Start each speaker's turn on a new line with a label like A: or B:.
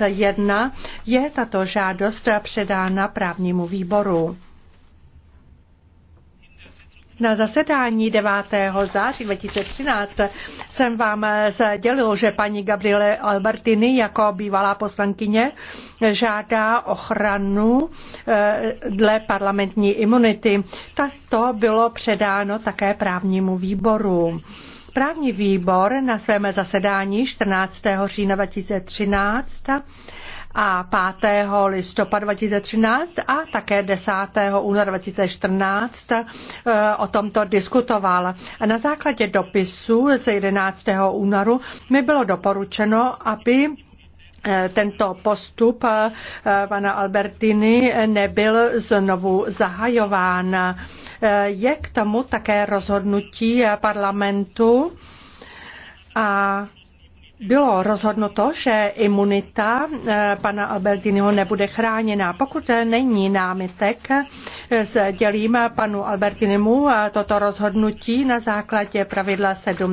A: 1 je tato žádost předána právnímu výboru. Na zasedání 9. září 2013 jsem vám sdělil, že paní Gabriele Albertini jako bývalá poslankyně žádá ochranu eh, dle parlamentní imunity. Tak to bylo předáno také právnímu výboru. Správní výbor na svém zasedání 14. října 2013 a 5. listopadu 2013 a také 10. února 2014 eh, o tomto diskutoval. a Na základě dopisu ze 11. únoru mi bylo doporučeno, aby eh, tento postup eh, pana Albertiny nebyl znovu zahajován je k tomu také rozhodnutí parlamentu a bylo rozhodnuto, že imunita eh, pana Albertiniho nebude chráněna. Pokud není námitek, eh, sdělím panu Albertinimu eh, toto rozhodnutí na základě pravidla 7.